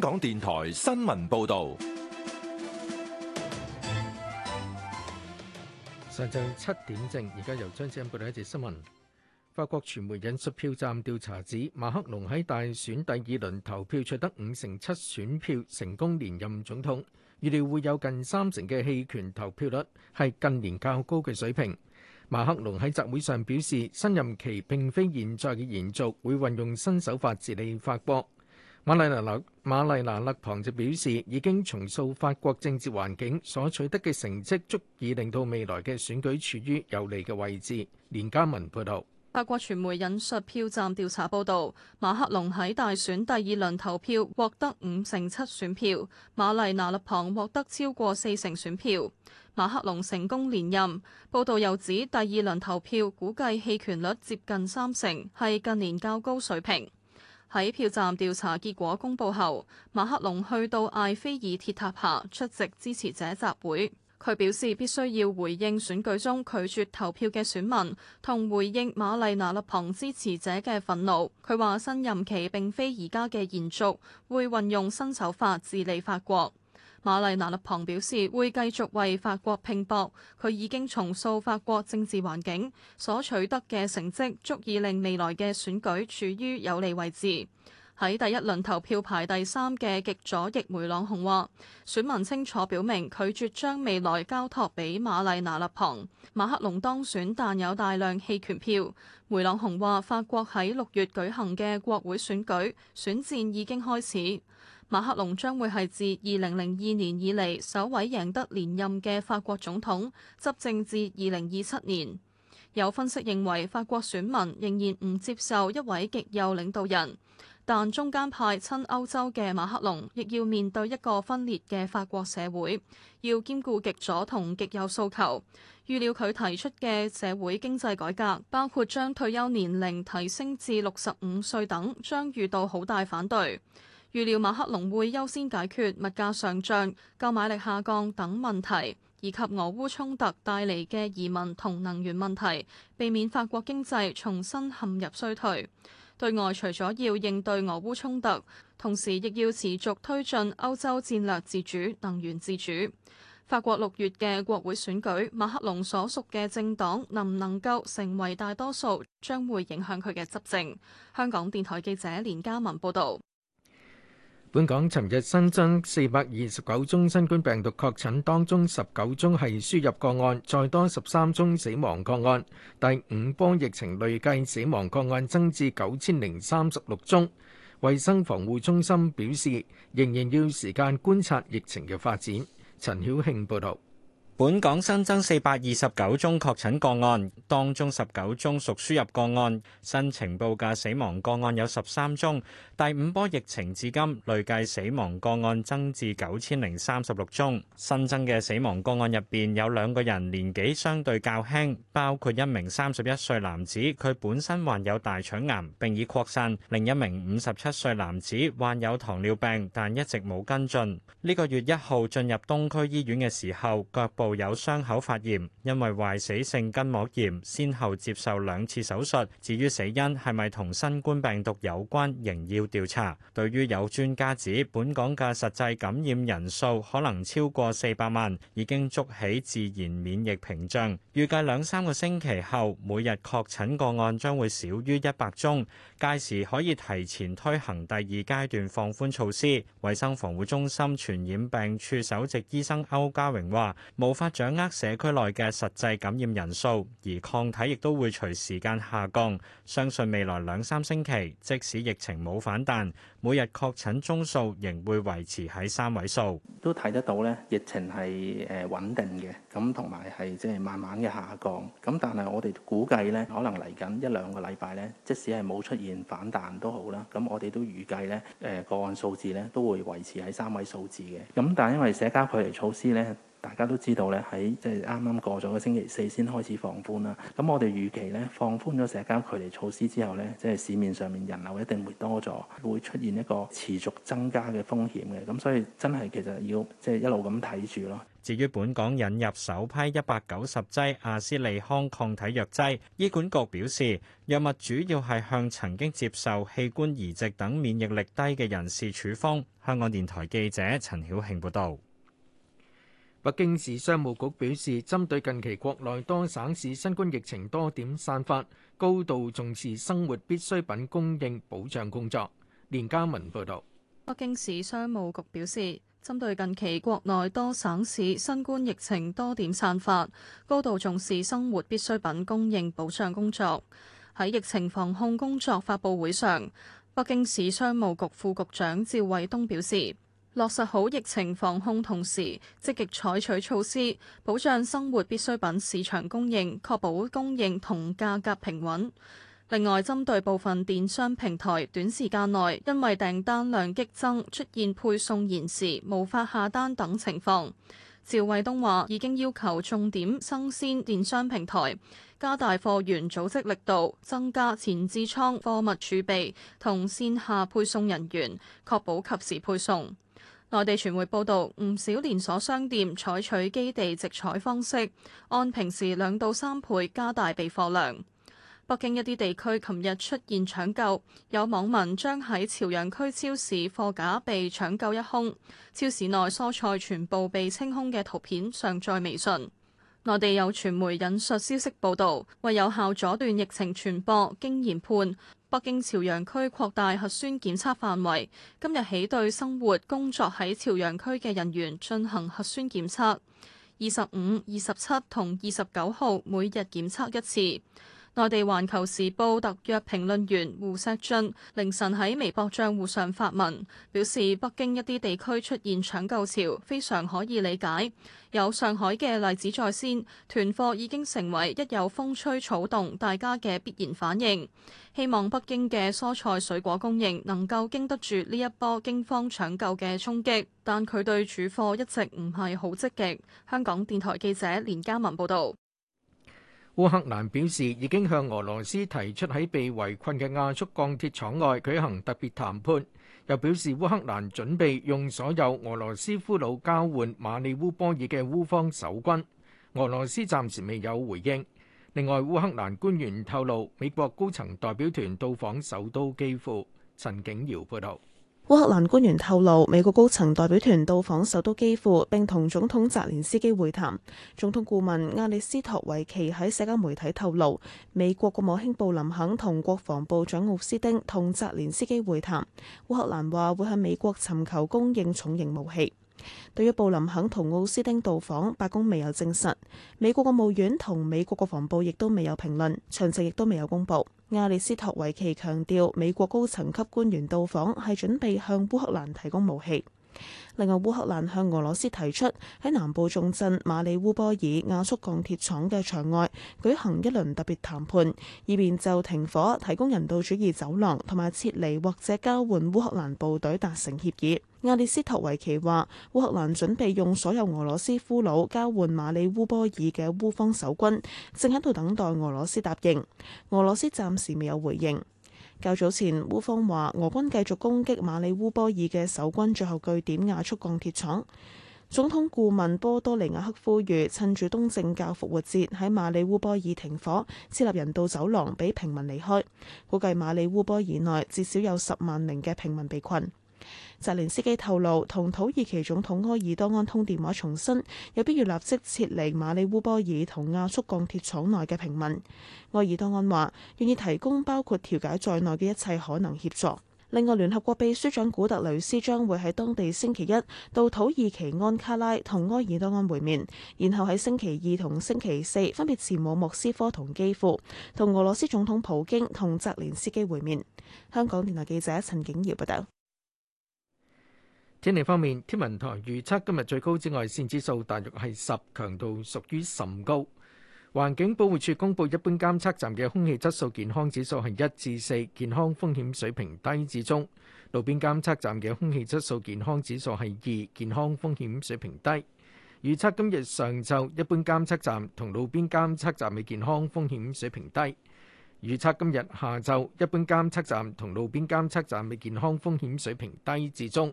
港電台新聞報道：上晝七點正，而家由張志恩報道一節新聞。法國傳媒引述票站調查指，馬克龍喺大選第二輪投票取得五成七選票，成功連任總統。預料會有近三成嘅棄權投票率，係近年較高嘅水平。馬克龍喺集會上表示，新任期並非現在嘅延續，會運用新手法治理法國。馬麗娜勒馬麗娜勒旁就表示，已經重塑法國政治環境所取得嘅成績，足以令到未來嘅選舉處於有利嘅位置。連家文報導。法國傳媒引述票站調查報導，馬克龍喺大選第二輪投票獲得五成七選票，馬麗娜勒旁獲得超過四成選票，馬克龍成功連任。報導又指，第二輪投票估計棄權率接近三成，係近年較高水平。喺票站調查結果公佈後，馬克龍去到埃菲爾鐵塔下出席支持者集會。佢表示必須要回應選舉中拒絕投票嘅選民，同回應馬麗娜勒龐支持者嘅憤怒。佢話新任期並非而家嘅延續，會運用新手法治理法國。瑪麗娜·勒龐表示會繼續為法國拼搏。佢已經重塑法國政治環境所取得嘅成績，足以令未來嘅選舉處於有利位置。喺第一輪投票排第三嘅極左翼梅朗雄話：選民清楚表明拒絕將未來交託俾瑪麗娜·勒龐。馬克龍當選，但有大量棄權票。梅朗雄話：法國喺六月舉行嘅國會選舉，選戰已經開始。馬克龍將會係自二零零二年以嚟首位贏得連任嘅法國總統，執政至二零二七年。有分析認為，法國選民仍然唔接受一位極右領導人，但中間派親歐洲嘅馬克龍亦要面對一個分裂嘅法國社會，要兼顧極左同極右訴求。預料佢提出嘅社會經濟改革，包括將退休年齡提升至六十五歲等，將遇到好大反對。預料馬克龍會優先解決物價上漲、購買力下降等問題，以及俄烏衝突帶嚟嘅移民同能源問題，避免法國經濟重新陷入衰退。對外，除咗要應對俄烏衝突，同時亦要持續推進歐洲戰略自主、能源自主。法國六月嘅國會選舉，馬克龍所屬嘅政黨能唔能夠成為大多數，將會影響佢嘅執政。香港電台記者連嘉文報道。本港尋日新增四百二十九宗新冠病毒確診，當中十九宗係輸入個案，再多十三宗死亡個案。第五波疫情累計死亡個案增至九千零三十六宗。衛生防護中心表示，仍然要時間觀察疫情嘅發展。陳曉慶報導。本港新增四百二十九宗確診個案，當中十九宗屬輸入個案。新呈報嘅死亡個案有十三宗，第五波疫情至今累計死亡個案增至九千零三十六宗。新增嘅死亡個案入邊有兩個人年紀相對較輕，包括一名三十一歲男子，佢本身患有大腸癌並已擴散；另一名五十七歲男子患有糖尿病，但一直冇跟進。呢個月一號進入東區醫院嘅時候，腳部有傷口發炎，因為壞死性筋膜炎，先後接受兩次手術。至於死因係咪同新冠病毒有關，仍要調查。對於有專家指，本港嘅實際感染人數可能超過四百萬，已經築起自然免疫屏障，預計兩三個星期後，每日確診個案將會少於一百宗，屆時可以提前推行第二階段放寬措施。衛生防護中心傳染病處首席醫生歐家榮話：無法掌握社區內嘅實際感染人數，而抗體亦都會隨時間下降。相信未來兩三星期，即使疫情冇反彈，每日確診宗數仍會維持喺三位數。都睇得到咧，疫情係誒穩定嘅，咁同埋係即係慢慢嘅下降。咁但係我哋估計咧，可能嚟緊一兩個禮拜咧，即使係冇出現反彈都好啦。咁我哋都預計咧，誒個案數字咧都會維持喺三位數字嘅。咁但係因為社交距離措施咧。大家都知道咧，喺即係啱啱過咗個星期四先開始放寬啦。咁我哋預期咧，放寬咗社交距離措施之後呢，即係市面上面人流一定會多咗，會出現一個持續增加嘅風險嘅。咁所以真係其實要即係一路咁睇住咯。至於本港引入首批一百九十劑阿斯利康抗體藥劑，醫管局表示藥物主要係向曾經接受器官移植等免疫力低嘅人士處方。香港電台記者陳曉慶報導。北京市商務局表示，針對近期國內多省市新冠疫情多點散發，高度重視生活必需品供應保障工作。連家文報道。北京市商務局表示，針對近期國內多省市新冠疫情多點散發，高度重視生活必需品供應保障工作。喺疫情防控工作發佈會上，北京市商務局副局長趙衛東表示。落實好疫情防控，同時積極採取措施保障生活必需品市場供應，確保供應同價格平穩。另外，針對部分電商平台短時間內因為訂單量激增出現配送延時、無法下單等情況，趙衛東話已經要求重點生鮮電商平台加大貨源組織力度，增加前置倉貨物儲備同線下配送人員，確保及時配送。內地傳媒報導，唔少連鎖商店採取基地直採方式，按平時兩到三倍加大備貨量。北京一啲地區琴日出現搶購，有網民將喺朝陽區超市貨架被搶購一空，超市內蔬菜全部被清空嘅圖片上載微信。內地有傳媒引述消息報道，為有效阻斷疫情傳播，經研判。北京朝陽區擴大核酸檢測範圍，今日起對生活工作喺朝陽區嘅人員進行核酸檢測，二十五、二十七同二十九號每日檢測一次。內地環球時報特約評論員胡錫進凌晨喺微博賬戶上發文，表示北京一啲地區出現搶購潮，非常可以理解。有上海嘅例子在先，囤貨已經成為一有風吹草動大家嘅必然反應。希望北京嘅蔬菜水果供應能夠經得住呢一波驚慌搶購嘅衝擊，但佢對主貨一直唔係好積極。香港電台記者連嘉文報道。烏克蘭表示已經向俄羅斯提出喺被圍困嘅亞速鋼鐵廠外舉行特別談判，又表示烏克蘭準備用所有俄羅斯俘虜交換馬里烏波爾嘅烏方守軍。俄羅斯暫時未有回應。另外，烏克蘭官員透露，美國高層代表團到訪首都基輔。陳景堯報道。烏克蘭官員透露，美國高層代表團到訪首都基輔，並同總統澤連斯基會談。總統顧問阿列斯托維奇喺社交媒體透露，美國國務卿布林肯同國防部長奧斯丁同澤連斯基會談。烏克蘭話會喺美國尋求供應重型武器。對於布林肯同奧斯丁到訪，白宮未有證實，美國國務院同美國國防部亦都未有評論，詳情亦都未有公布。亞歷斯托維奇強調，美國高層級官員到訪係準備向烏克蘭提供武器。另外，烏克蘭向俄羅斯提出喺南部重鎮馬里烏波爾亞速鋼鐵廠嘅場外舉行一輪特別談判，以便就停火、提供人道主義走廊同埋撤離或者交換烏克蘭部隊達成協議。亞列斯托維奇話：烏克蘭準備用所有俄羅斯俘虜交換馬里烏波爾嘅烏方守軍，正喺度等待俄羅斯答應。俄羅斯暫時未有回應。較早前，烏方話俄軍繼續攻擊馬里烏波爾嘅守軍最後據點亞速鋼鐵廠。總統顧問波多利亞克呼籲趁住東正教復活節喺馬里烏波爾停火，設立人道走廊俾平民離開。估計馬里烏波爾內至少有十萬名嘅平民被困。澤連斯基透露，同土耳其總統埃爾多安通電話重，重申有必要立即撤離馬里烏波爾同亞速鋼鐵廠內嘅平民。埃爾多安話願意提供包括調解在內嘅一切可能協助。另外，聯合國秘書長古特雷斯將會喺當地星期一到土耳其安卡拉同埃爾多安會面，然後喺星期二同星期四分別前往莫斯科同基輔，同俄羅斯總統普京同澤連斯基會面。香港電台記者陳景瑤報道。天氣方面，天文台預測今日最高紫外線指數大約係十，強度屬於甚高。環境保護署公布一般監測站嘅空氣質素健康指數係一至四，健康風險水平低至中。路邊監測站嘅空氣質素健康指數係二，健康風險水平低。預測今日上晝一般監測站同路邊監測站嘅健康風險水平低。預測今日下晝一般監測站同路邊監測站嘅健康風險水平低至中。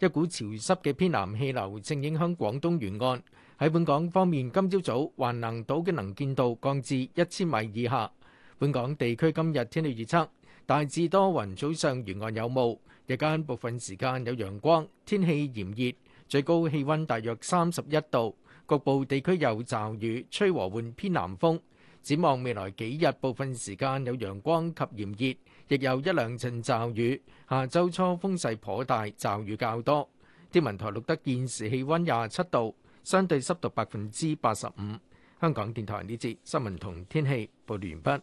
一股潮濕嘅偏南氣流正影響廣東沿岸。喺本港方面，今朝早橫瀾島嘅能見度降至一千米以下。本港地區今日天氣預測大致多雲，早上沿岸有霧，日間部分時間有陽光，天氣炎熱，最高氣温大約三十一度，局部地區有驟雨，吹和緩偏南風。展望未來幾日，部分時間有陽光及炎熱。亦有一兩陣驟雨，下周初風勢頗大，驟雨較多。天文台錄得現時氣温廿七度，相對濕度百分之八十五。香港電台呢節新聞同天氣報道完畢。